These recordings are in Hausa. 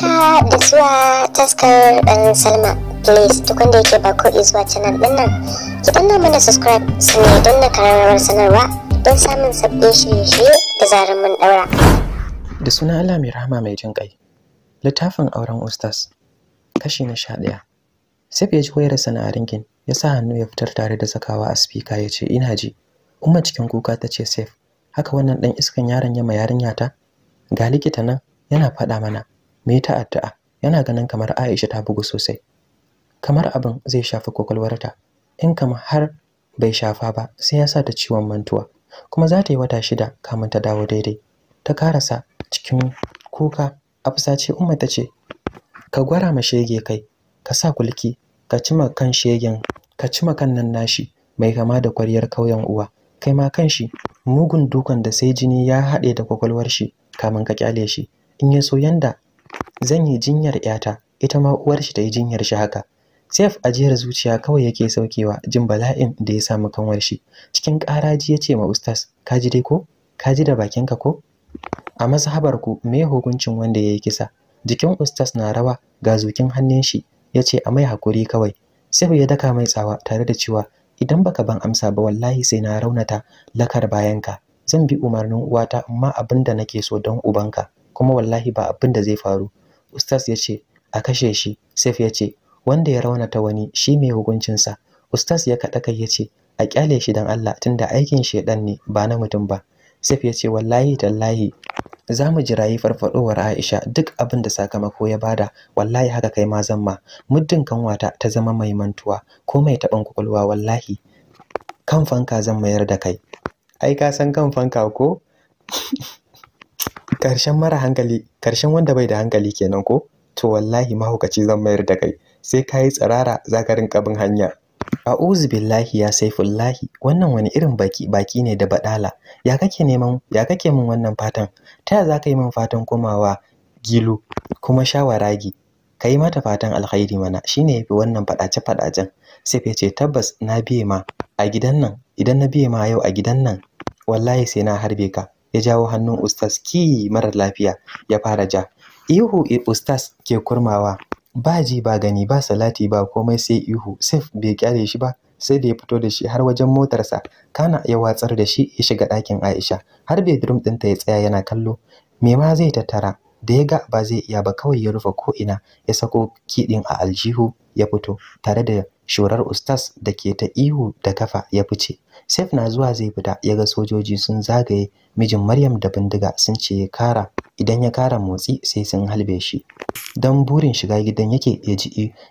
haka da zuwa taskar dan salma please duk wanda yake ba ko zuwa canal din nan ki danna mana subscribe su ne don na kararrawar sanarwa don samun sabbin shirye-shirye da zarar mun daura da suna allah mai rahama mai jin kai littafin auren ustas kashi na sha ɗaya sai ya ji wayar sana'ar ringin ya sa hannu ya fitar tare da sakawa a spika ya ce ina ji umma cikin kuka ta ce safe haka wannan dan iskan yaron ya ma yarinya ta ga likita nan yana faɗa mana me ta addu'a yana ganin kamar Aisha ta bugu sosai kamar abin zai shafi kokolwarta in kamar har bai shafa ba sai ya sa ta ciwon mantuwa kuma za ta yi wata shida kamun ta dawo daidai ta karasa cikin kuka a fusace umma ta ce ka gwara ma shege kai ka sa kulki ka cima kan shegen ka cima kan nan nashi mai kama da kwaryar kauyen uwa kai ma kan shi mugun dukan da sai jini ya haɗe da kwakwalwar shi kamun ka kyale shi in ya so yanda zan yi jinyar yata ita ma uwar shi ta yi jinyar shi haka Saif ajiyar zuciya kawai yake saukewa jin bala'in da ya samu kanwar shi cikin ƙaraji ya ce ma ustaz ka ji dai ko ka ji da bakinka ko a mazhabar ku me hukuncin wanda ya yi kisa jikin ustaz na rawa ga zukin hannun shi ya ce a mai hakuri kawai Saif ya daka mai tsawa tare da cewa idan baka ban amsa ba wallahi sai na raunata lakar bayanka zan bi umarnin uwata amma abin da nake so don ubanka kuma wallahi ba abinda zai faru Ustaz ya ce a kashe shi, Saif ya ce wanda ya rauna ta wani shi mai hukuncinsa. Ustaz ya kaɗa kai ya ce a kyale shi dan Allah tun da aikin shedan ne ba na mutum ba. Saif ya ce wallahi tallahi za mu jirayi farfadowar Aisha duk abin da sakamako ya bada wallahi haka kai ma zan ma muddin kanwata ta zama mai mantuwa ko mai taɓin kwakwalwa wallahi kan fanka zan mayar da kai ai ka san kan fanka ko ƙarshen mara hankali ƙarshen wanda bai da hankali kenan ko to wallahi mahaukaci zan mayar da kai sai ka yi tsirara rinka kabin hanya a'uzu billahi ya saifullahi wannan wani irin baki baki ne da baɗala. ya kake neman ya kake min wannan fatan ta ya ka yi min fatan komawa gilu kuma shawaragi ka yi mata fatan alkhairi mana shine yafi wannan fadace fadacen sai ya ce tabbas na biye ma a gidan nan idan na biye ma yau a gidan nan wallahi sai na harbe ka ya jawo hannun ustas ki marar lafiya ya fara ja ihu ustas ke kurmawa ba ji ba gani ba salati ba komai sai ihu sef bai kyale shi ba sai da ya fito da shi har wajen motarsa kana ya watsar da shi ya shiga ɗakin aisha har bedroom ɗinta ya tsaya yana kallo me ma zai tattara da ya ga ba zai iya ba kawai ya rufe ko'ina ya sako kiɗin a aljihu ya fito tare da shurar ustas da ke ta ihu da kafa ya fice saif na zuwa zai fita ya ga sojoji sun zagaye mijin maryam da bindiga sun ce ya kara idan ya kara motsi sai sun halbe shi don burin shiga gidan yake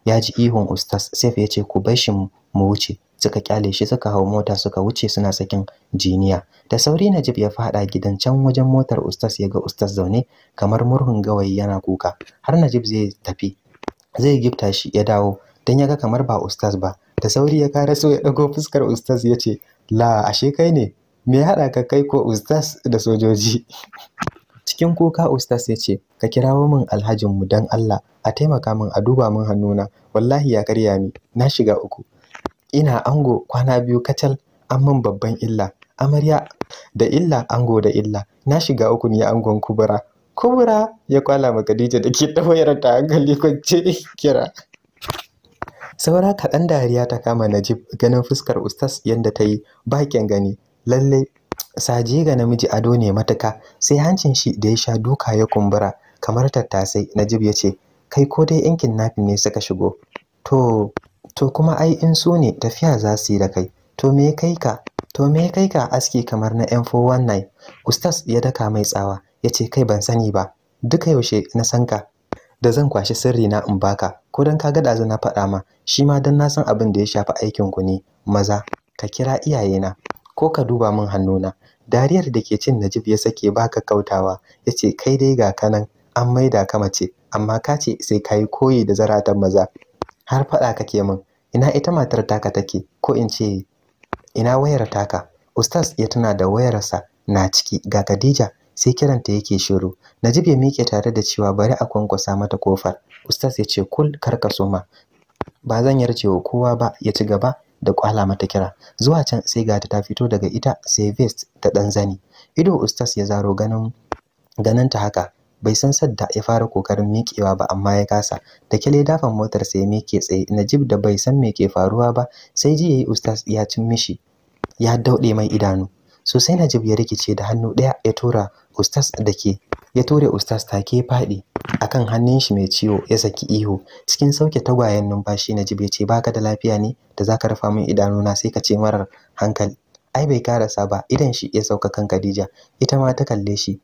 ya ji ihun ustas saif ya ce ku bar shi mu wuce suka kyale shi suka hau mota suka wuce suna sakin jiniya da sauri najib ya fada gidan can wajen motar ustas ya ga ustas zaune kamar murhun gawayi yana kuka har najib zai tafi zai gifta shi ya dawo don ya ga kamar ba ustaz ba da sauri ya kare so ya ɗago fuskar ustaz ya ce la ashe kai ne me ya haɗa ka kai ko ustaz da sojoji cikin kuka ustaz ya ce ka kirawo min alhajinmu don allah a taimaka min a duba min hannuna wallahi ya karya ni na shiga uku ina ango kwana biyu kacal an babban illa amarya da illa ango da illa na shiga uku ne angon kubura kubura ya kwala ma khadija da ke tawayar ta hankali kwance kira saura kaɗan dariya ta kama najib ganin fuskar ustas yadda ta yi Baƙin gani lalle saje ga namiji ado ne matuka sai hancin shi da ya sha duka ya kumbura kamar tattasai najib ya ce kai ko dai yankin kidnapping ne suka shigo to kuma ai in su ne tafiya za su yi da kai to me kai ka to me kai ka aski kamar na M419 Ustas ya daka mai tsawa ya ce kai ban sani ba duka yaushe na san ka da zan kwashi sirri na in baka ko dan ka ɗazu na faɗa ma shi ma dan na san abin da ya shafi aikin ku ne maza ka kira iyayena ko ka duba min hannuna dariyar da ke cin najib ya sake baka kautawa ya ce kai dai ga kanan an maida ka mace amma ka ce sai ka yi koyi da zaratan maza har faɗa kake min ina ita matar taka take ko in ce ina wayar taka ustaz ya tana da wayarsa na ciki ga khadija sai kiranta yake shiru najib ya miƙe tare da cewa bari a kwankwasa mata kofar ustaz ya ce kul ka soma ba zan yarce wa kowa ba ya ci gaba da kwala mata kira zuwa can sai gata ta fito daga ita sai vest ta dan zani ido ustaz ya zaro ganin ganin ta haka bai san sadda ya fara kokarin miƙewa ba amma ya kasa da kyale dafan motar sai miƙe tsaye najib da bai san me ke faruwa ba sai ji yayi ustaz ya cin mishi ya daude mai idanu sosai najib ya rikice da hannu ɗaya ya tura ustas da ke ya ture ustas take faɗi akan hannun shi mai ciwo ya saki ihu cikin sauke tagwayen numfashi na jibe ce baka da lafiya ne da za ka rufa min idanuna sai ka ce marar hankali ai bai karasa ba idan shi ya sauka kan Khadija ita ma ta kalle shi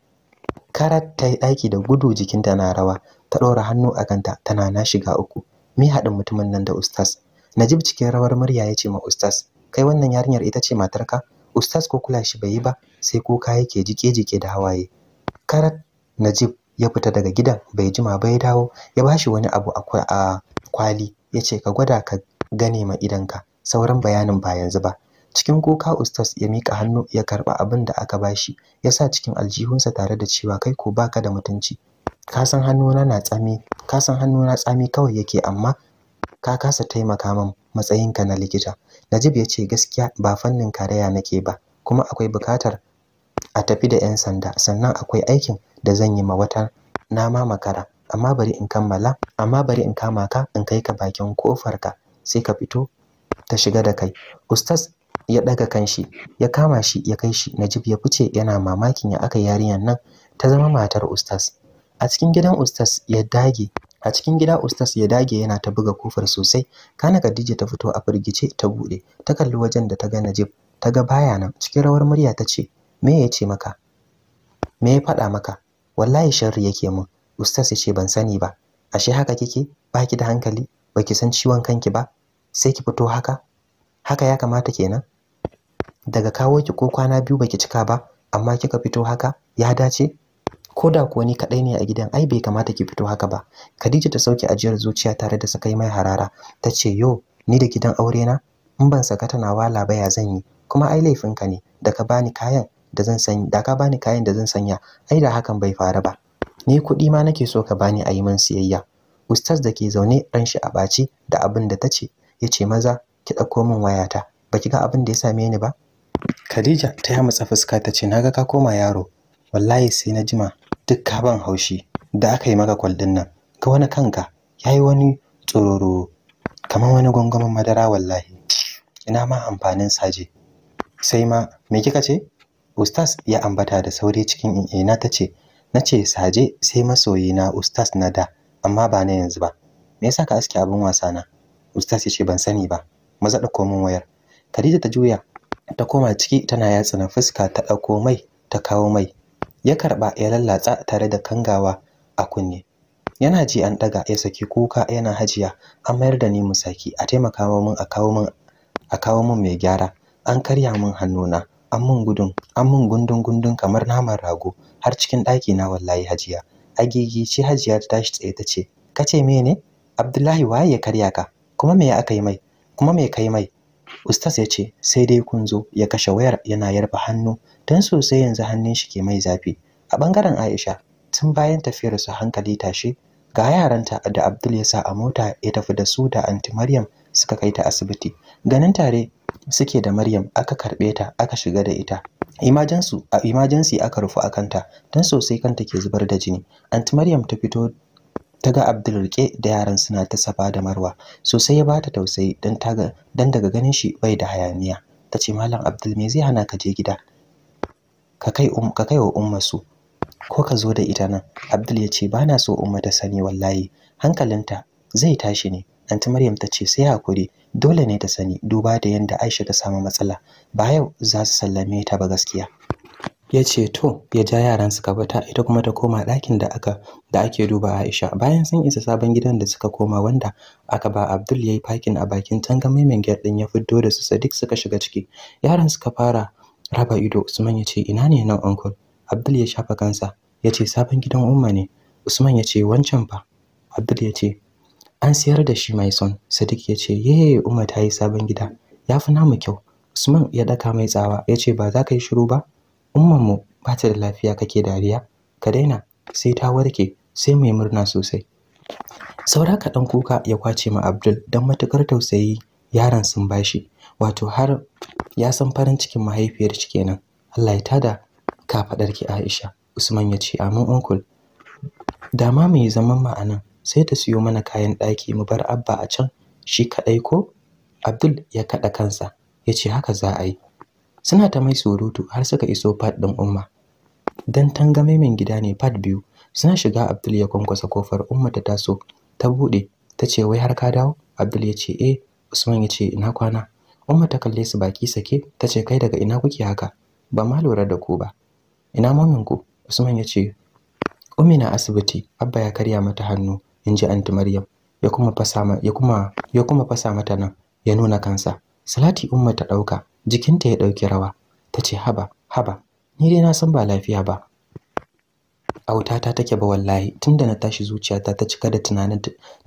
Karat ta yi ɗaki da gudu jikinta na rawa ta ɗora hannu a kanta tana na shiga uku me haɗin mutumin nan da ustas Najib cikin rawar murya ya ce ma ustas kai wannan yarinyar ita ce matarka ustaz ko kula shi bai yi ba sai kuka yake jike-jike da hawaye karat najib ya fita daga gidan bai jima bai dawo ya bashi wani abu a kwali ya ce ka gwada ka gane ma idanka sauran bayanin ba yanzu ba cikin kuka ustaz ya mika hannu ya karɓa abin da aka bashi ya sa cikin aljihunsa tare da cewa kai ko baka da mutunci ka hannuna na tsami ka san hannuna tsami kawai yake amma ka kasa taimaka min matsayinka na likita Najib ya ce gaskiya ba fannin karaya nake ba kuma akwai bukatar a tafi da 'yan sanda sannan akwai aikin da zan yi ma wata nama makara amma bari in kammala amma bari in kama ka in kai ka bakin kofar ka sai ka fito ta shiga da kai ustaz ya daga kanshi ya kama shi ya kai shi Najib ya fice yana mamakin ya aka yarinyar nan ta zama matar ustaz a cikin gidan ustaz ya dage a cikin gida ustas ya dage yana ta buga kofar sosai kana Khadija ta fito a firgice ta bude ta kalli wajen da ta ga Najib ta ga baya nan cikin rawar murya ta ce me ya ce maka me ya faɗa maka wallahi sharri yake mun ustas ya ce ban sani ba ashe haka kike ki da hankali Ba ki san ciwon kanki ba sai ki fito haka haka ya kamata kenan daga kawo ki ko kwana biyu baki cika ba amma kika fito haka ya dace ko da kuwa ni kaɗai ne a gidan ai bai kamata ki fito haka ba khadija ta sauke ajiyar zuciya tare da sakai mai harara ta ce yo ni da gidan aure na in ban saka tana wala ba ya zan yi kuma ai laifinka ne da ka bani kayan da zan sanya da ka bani kayan da zan sanya ai da hakan bai faru ba ni kuɗi ma nake so ka bani a yi min siyayya ustaz da ke zaune ran shi a ɓaci da abin da ta ce ya ce maza ki ɗauko min wayata Ba ki ga abin da ya same ni ba Khadija ta yamutsa fuska ta ce naga ka koma yaro wallahi sai na jima duk ka ban haushi da aka yi maka kwaldin nan ga wani kanka yi wani tsororo kamar wani gwangwamin madara wallahi ina ma amfanin saje sai ma me kika ce Ustas ya ambata da sauri cikin ina ta ce Na ce, saje sai masoyi na ustaz na da amma ba na yanzu ba me yasa ka aske abin wasa na ustaz ya ce ban sani ba maza da komin wayar Khadija ta juya ta koma ciki tana yatsa na fuska ta ɗauko mai ta kawo mai ya karba ya lallatsa tare da kangawa a kunne yana ji an daga ya saki kuka yana hajiya an mayar da ni musaki a taimaka min a kawo min a kawo min mai gyara an karya mun hannuna an min gudun an min gundun gundun kamar naman rago har cikin ɗaki na wallahi hajiya agigi ce hajiya ta tashi tsaye ta ce me ne? abdullahi waye ya karya ka kuma me aka yi mai kuma me kai mai Ustaz ya ce sai dai kun zo ya kashe wayar yana yarba hannu don sosai yanzu hannun shi ke mai zafi. A ɓangaren Aisha tun bayan tafiyar su hankali tashe ga yaranta da Abdul ya sa a mota ya tafi da su da Aunty Maryam suka kai ta asibiti. Ganin tare suke da Maryam aka karɓe ta aka shiga da ita. Imajensu a imajensi aka rufu akanta don sosai kanta ke zubar da jini. Aunty Maryam ta fito ta ga Abdul rike da yaran suna ta safa da Marwa sosai ya bata tausayi dan taga dan daga ganin shi bai da hayaniya tace malam Abdul me zai hana ka je gida ka kai um ka kai wa umma su ko ka zo da ita nan Abdul ya ce bana so umma ta sani wallahi hankalinta zai tashi ne anti Maryam ta ce sai hakuri dole ne ta sani duba da yanda Aisha ta samu matsala ba yau za su sallame ta ba gaskiya ya ce to ya ja yaran suka bata ita kuma ta koma ɗakin da aka da ake duba Aisha bayan sun isa sabon gidan da suka koma wanda aka ba Abdul yayi parking a bakin tangamaimen gate din ya fito da su Sadiq suka shiga ciki yaran suka fara raba ido Usman ya ce ina ne nan uncle Abdul ya shafa kansa ya ce sabon gidan Umma ne Usman ya ce wancan fa Abdul ya ce an siyar da shi mai son Sadiq ya ce ye Umma ta yi sabon gida ya fi namu kyau Usman ya daka mai tsawa ya ce ba za ka yi shiru ba umman mu ba ta da lafiya kake dariya ka daina sai ta warke sai mai murna sosai saura ka kaɗan kuka ya kwace ma abdul dan matukar tausayi yaron sun bashi wato har ya san farin cikin mahaifiyar shi kenan allah ya tada ki aisha usman ya ce amin uncle da ma mai zaman ma'anan sai ta siyo mana kayan daki mu bar abba a can shi kaɗai ko abdul ya kaɗa kansa ya ce haka za a yi suna ta mai surutu har suka iso fat ɗin umma dan tangame min gida ne fat biyu suna shiga abdul ya kwankwasa kofar umma ta taso ta buɗe ta ce wai har ka dawo abdul ya ce eh usman ya ce ina kwana umma ta kalle su baki sake ta ce kai daga ina kuke haka ba ma lura da ku ba ina mamin ku usman ya ce ummi na asibiti abba ya karya mata hannu in ji anti maryam ya kuma fasa ya kuma ya kuma fasa mata nan ya nuna kansa salati umma ta ɗauka jikinta ya ɗauki rawa ta ce haba haba ni dai na san ba lafiya ba A ta take ba wallahi tunda na tashi zuciyata ta cika da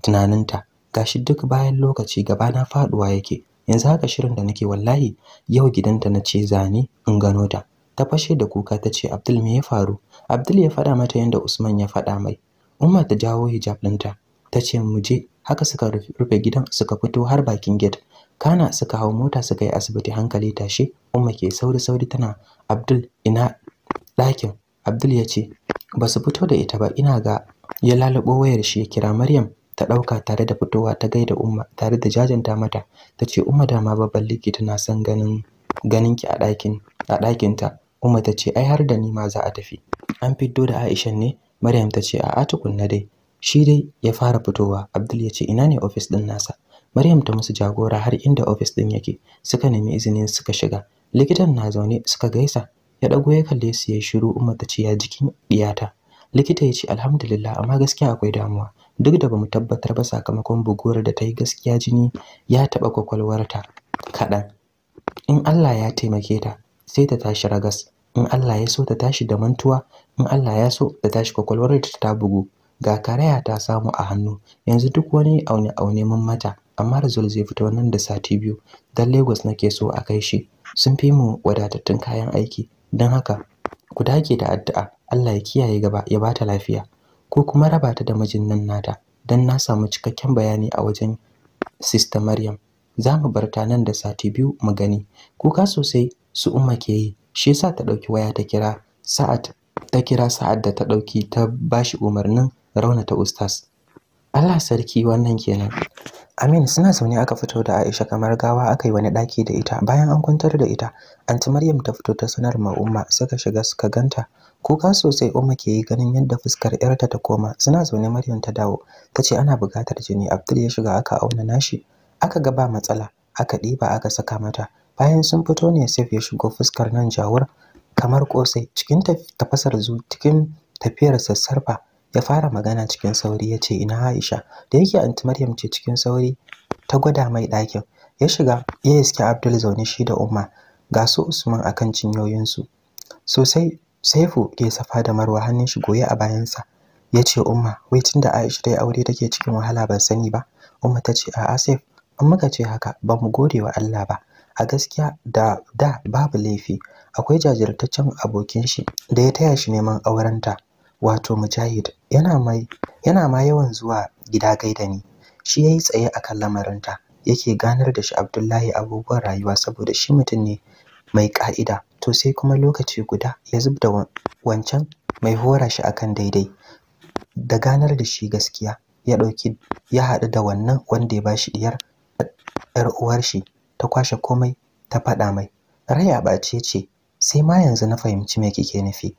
tunaninta gashi duk bayan lokaci gaba na faduwa yake yanzu haka shirin da nake wallahi yau gidanta na ce zane in gano ta ta fashe da kuka ta ce Abdul me ya faru Abdul ya faɗa mata yadda Usman ya faɗa mai Umma ta jawo hijab ɗinta ta ce mu je haka suka rufe gidan suka fito har bakin gate kana suka hau mota suka yi asibiti hankali tashi umma ke sauri sauri tana abdul ina ɗakin abdul ya ce ba su fito da ita ba ina ga ya lalubo wayar shi ya kira maryam ta ɗauka tare da fitowa ta gaida umma tare da jajanta mata ta ce umma ma babban likita na son ganin ganinki a ɗakin a ɗakinta umma ta ce ai har da ni ma za a tafi an fiddo da aisha ne maryam ta ce a'a tukunna dai shi dai ya fara fitowa abdul ya ce ina ne ofis ɗin nasa Maryam ta musu jagora har inda ofis din yake suka nemi izinin suka shiga likitan na zaune suka gaisa ya dago ya kalle su ya shiru Umma ta ce ya jikin diyata likita ya ce alhamdulillah amma gaskiya akwai damuwa duk da bamu tabbatar ba sakamakon buguwar da ta yi gaskiya jini ya taɓa kwakwalwarta kaɗan in Allah ya taimake ta sai ta tashi ragas in Allah ya so ta tashi da mantuwa in Allah ya so ta tashi kwakwalwarta ta bugu ga karaya ta samu a hannu yanzu duk wani aune aune mun mata amma Rizul zai fito nan da sati biyu dan Lagos nake so a kai shi sun fi mu wadatattun kayan aiki dan haka ku dage da addu'a Allah ya kiyaye gaba ya bata lafiya ko kuma raba ta da mijin nan nata dan na samu cikakken bayani a wajen Sister Maryam za mu bar ta nan da sati biyu mu gani kuka sosai su umma ke yi shi yasa ta dauki waya ta kira sa'at ta kira sa'ad da ta dauki ta bashi umarnin Rauna ta Ustas. Allah sarki wannan kenan Amin suna zaune aka fito da Aisha kamar gawa aka yi wani ɗaki da ita bayan an kwantar da ita anti Maryam ta fito ta sanar ma Umma suka shiga suka ganta kuka sosai Umma ke yi ganin yadda fuskar yarta ta koma suna zaune Maryam ta dawo ta ce ana buƙatar jini Abdul ya shiga aka auna nashi aka ga ba matsala aka ɗiba aka saka mata bayan sun fito ne Saif ya shigo fuskar nan jawur kamar kosai cikin tafasar zu cikin tafiyar sassarfa ya fara magana cikin sauri ya ce ina Aisha da yake anti Maryam ce cikin sauri ta gwada mai ɗakin ya shiga ya iske Abdul zaune shi da Umma ga su Usman akan cinyoyinsu sosai Saifu ke safa da Marwa hannun shi goye a bayansa ya ce Umma wai tunda Aisha ta yi aure take cikin wahala ban sani ba Umma ta ce a'a Saif an muka ce haka ba mu gode wa Allah ba a gaskiya da da babu laifi akwai jajirtaccen abokin shi da ya taya shi neman aurenta wato Mujahid yana mai yana ma yawan zuwa gida gaida ni shi yayi tsaye akan lamarinta yake ganar da shi Abdullahi abubuwan rayuwa saboda shi mutum ne mai ka'ida to sai kuma lokaci guda ya zub da wancan mai hora shi akan daidai da ganar da shi gaskiya ya dauki ya haɗu da wannan wanda ya bashi diyar yar uwar shi ta kwashe komai ta faɗa mai rai a ɓace ce sai ma yanzu na fahimci me kike nufi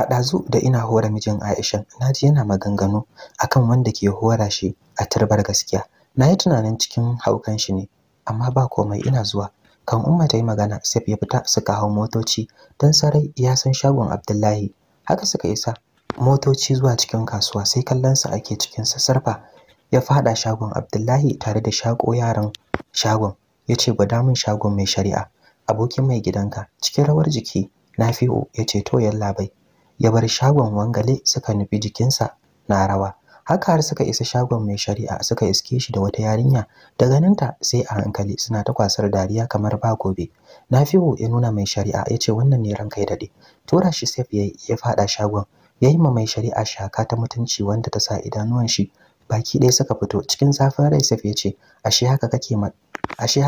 a ɗazu da ina hora mijin Aisha na ji yana maganganu akan wanda ke hora shi a turbar gaskiya na yi tunanin cikin haukan shi ne amma ba komai ina zuwa kan umma ta yi magana sai ya fita suka hau motoci don sarai ya san shagon Abdullahi haka suka isa motoci zuwa cikin kasuwa sai kallon sa ake cikin sassarfa ya fada shagon Abdullahi tare da shako yaran shagon ya ce gwada min shagon mai shari'a abokin mai gidanka cikin rawar jiki Nafi'u ce to yalla bai ya bar shagon wangale suka nufi jikinsa na rawa haka har suka isa shagon mai shari'a suka iske shi da wata yarinya Da ganinta, sai a hankali suna ta kwasar dariya kamar ba gobe nafi'u ya nuna mai shari'a ya ce wannan ne ran kai dade tura shi sef ya faɗa shagon ya yi ma mai shari'a shaka ta mutunci wanda ta sa idanuwan shi baki ɗaya suka fito cikin zafin rai sef ya ce ashe haka kake ma ashe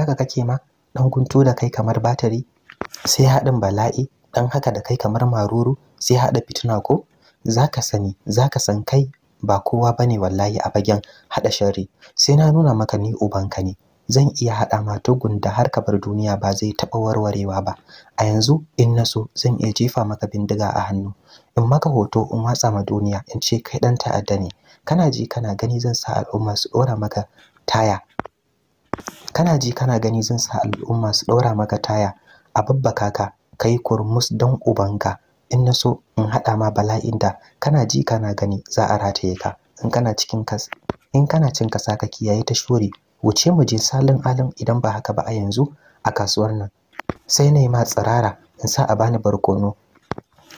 ma dan guntu da kai kamar batari sai haɗin bala'i Ɗan haka da kai kamar maruru sai haɗa fitina ko zaka sani zaka san kai ba kowa bane wallahi a bagen haɗa sharri sai na nuna maka ni ubanka ne zan iya haɗa ma tugun da har ka bar duniya ba zai taɓa warwarewa ba a yanzu in na so zan iya jefa maka bindiga a hannu in maka hoto in watsa ma duniya in ce kai ɗan ta'adda ne kana ji kana gani zan sa al'umma su ɗora maka taya kana ji kana gani zan sa al'umma su ɗora maka taya a babbaka ka kai kurmus don ubanka in na so in haɗa ma bala'in da kana ji kana gani za a rataye ka in kana cikin kas in kana cin kasa ka kiyaye ta shore wuce mu je salin alin idan ba haka ba a yanzu a kasuwar nan sai na yi ma tsirara in sa a bani barkono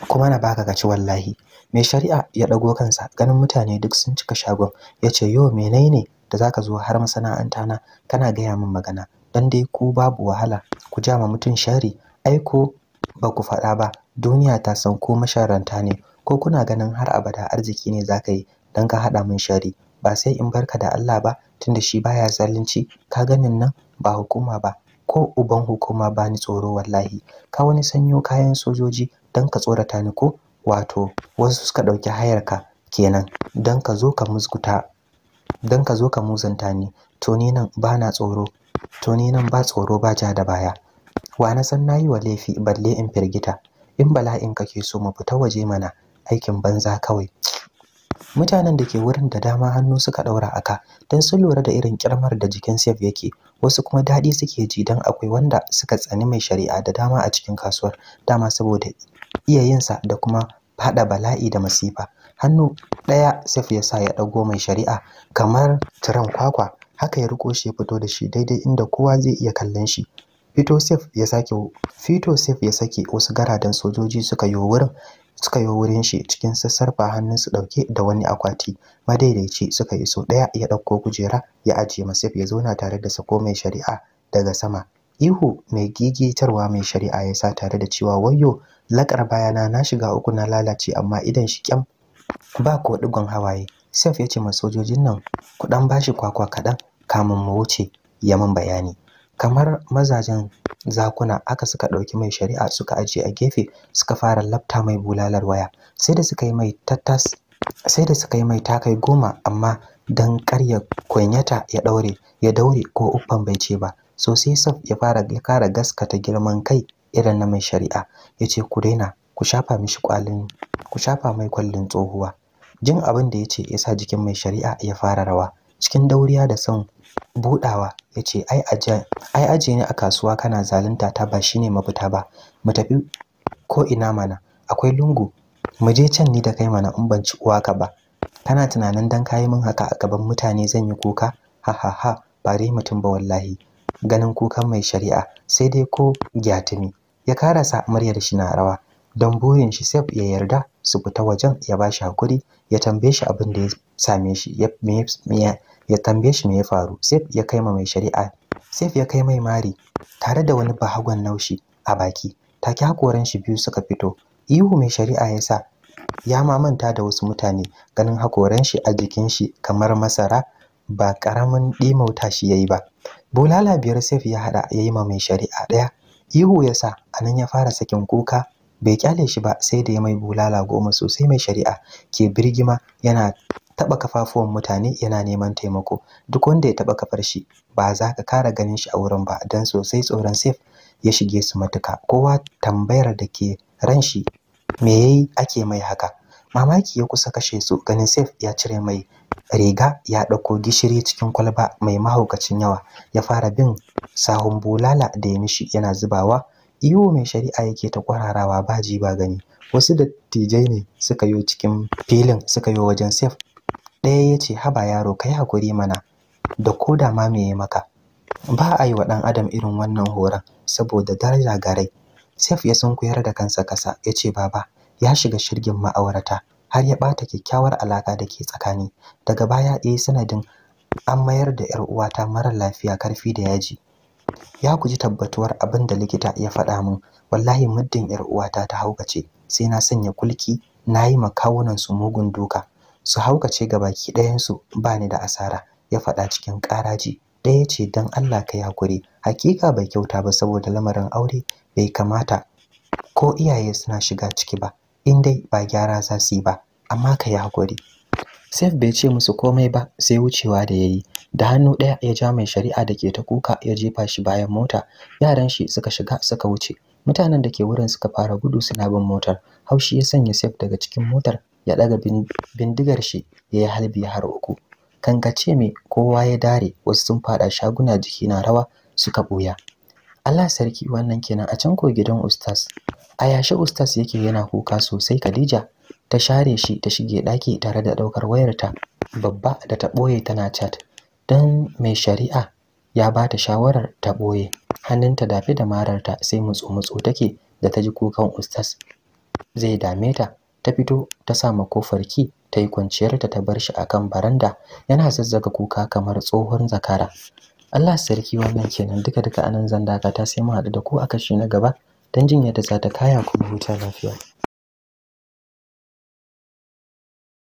kuma na baka ka gaci wallahi mai shari'a ya ɗago kansa ganin mutane duk sun cika shagon ya ce yo menene da zaka zo har masana'anta na kana gaya min magana dan dai ku babu wahala ku ja ma mutum shari aiko ba ku faɗa ba duniya ta san ko masharanta ne ko kuna ganin har abada arziki ne za ka yi don ka haɗa min shari ba sai in barka da Allah ba tun da shi baya zalunci ka ganin nan ba hukuma ba ko uban hukuma ba ni tsoro wallahi ka wani sanyo kayan sojoji don ka tsorata ni ko wato wasu suka ɗauki hayar ka kenan Don ka zo ka musguta ka muzanta ni to ni nan ba na tsoro to nan ba tsoro ba ja da baya wa na san yi wa laifi balle in firgita in bala'in kake so mu fita waje mana aikin banza kawai mutanen da ke wurin da dama hannu suka daura aka don sun lura da irin kirmar da jikin Saif yake wasu kuma daɗi suke ji don akwai wanda suka tsani mai shari'a da dama a cikin kasuwar dama saboda iyayensa da kuma fada bala'i da masifa hannu ɗaya Saif ya sa ya ɗago mai shari'a kamar tiran kwakwa haka ya riko shi ya fito da shi daidai inda kowa zai iya kallon shi Fitosef ya sake Fitosef ya sake wasu garadan sojoji suka yi wurin suka yi wurin shi cikin sassarfa hannunsu dauke da wani akwati madaidaici suka iso daya ya dauko kujera ya ajiye Masif ya zauna tare da sako mai shari'a daga sama ihu mai gigitarwa mai shari'a ya sa tare da cewa wayo. lakar bayana na shiga uku na lalace amma idan shi kyam ba ko digon hawaye Sef ya ce ma sojojin nan ku dan bashi kwakwa kaɗan, kamun mu wuce ya mun bayani kamar mazajen zakuna aka suka ɗauki mai shari'a suka ajiye a gefe suka fara lafta mai bulalar waya sai da suka yi mai takai goma amma don karya kunyata ya daure ya daure ko uffan bai ce ba so sai saf ya fara kara gaskata girman kai irin na mai shari'a ya ce ku daina ku shafa ku shafa mai kwallin tsohuwa jin abin da ya ce ya sa jikin mai shari'a ya fara rawa cikin dauriya da son budawa ya ce ai aje ni a kasuwa kana zalunta ta ba ne mafita ba mu tafi ko ina mana akwai lungu mu je can ni da kai mana in ban ci uwa ka ba kana tunanin dan kayi min haka a gaban mutane zan yi kuka ha ha ha ba dai mutum ba wallahi ganin kukan mai shari'a sai dai ko gyatumi ya karasa muryar shi na rawa don burin shi sef ya yarda su fita wajen ya ba shi hakuri ya tambaye shi abin da ya same shi ya tambaye shi me ya faru sai ya kai mai shari'a sai ya kai mai mari tare da wani bahagon naushi a baki take hakoran shi biyu suka fito ihu mai shari'a ya sa ya mamanta da wasu mutane ganin hakoran shi a jikin shi kamar masara ba karamin ɗimauta shi yayi ba bulala biyar sef ya hada yayi ma mai shari'a daya ihu ya sa anan ya fara sakin kuka bai kyale shi ba sai da ya mai bulala goma sosai mai shari'a ke birgima yana taba kafafuwan mutane yana neman taimako duk wanda ya taɓa kafar shi ba za ka kara ganin shi a wurin ba don sosai tsoron safe ya shige su matuka kowa tambayar da ke ran shi me yayi ake mai haka mamaki ya kusa kashe su ganin safe ya cire mai riga ya ɗauko gishiri cikin kwalba mai mahaukacin yawa ya fara bin sahun bulala da ya mishi yana zubawa iyo mai shari'a yake ta kwararawa ba ji ba gani wasu dattijai ne suka yo cikin filin suka yo wajen safe ɗaya ya ce haba yaro kai hakuri mana da ko da ma me ya maka ba a yi wa ɗan adam irin wannan horon saboda daraja garai Saif ya sunkuyar da kansa kasa ya ce baba ya shiga shirgin ma'aurata har ya ɓata kyakkyawar alaƙa da ke tsakani daga baya ya eh, sanadin an mayar da yar uwata mara lafiya karfi da yaji ya guji tabbatuwar abin da likita ya faɗa min wallahi muddin yar uwata ta haukace sai na sanya kulki na yi makawunan su mugun duka su haukace ga baki ɗayansu ba ni da asara ya faɗa cikin ƙaraji ɗaya ce don Allah ka hakuri hakika bai kyauta ba saboda lamarin aure bai kamata ko iyaye suna shiga ciki ba in dai ba gyara za su yi ba amma ka yi hakuri sef bai ce musu komai ba sai wucewa da yayi da hannu ɗaya ya ja mai shari'a da ke ta kuka ya jefa shi bayan mota yaran shi suka shiga suka wuce mutanen da ke wurin suka fara gudu suna bin motar haushi ya sanya sef daga cikin motar ya ɗaga bindigar shi ya yi halbi har uku kankace me kowa ya dare wasu sun fada shaguna jiki na rawa suka boya Allah sarki wannan kenan a can ko gidan ustaz a yashi ustaz yake yana kuka sosai Khadija ta share shi ta shige daki tare da ɗaukar wayarta babba da ta ɓoye tana chat dan mai shari'a ya ba ta shawarar ta boye hannunta dafe da mararta sai mutsu mutsu take da ta ji kukan ustaz zai dame ta ta fito ta sa makofar ki ta yi kwanciyarta ta bar shi a kan baranda yana zazzaga kuka kamar tsohon zakara Allah sarki wannan kenan duka duka anan zan dakata sai mu haɗu da ku a kashi na gaba dan jin yadda za ta kaya kuma huta lafiya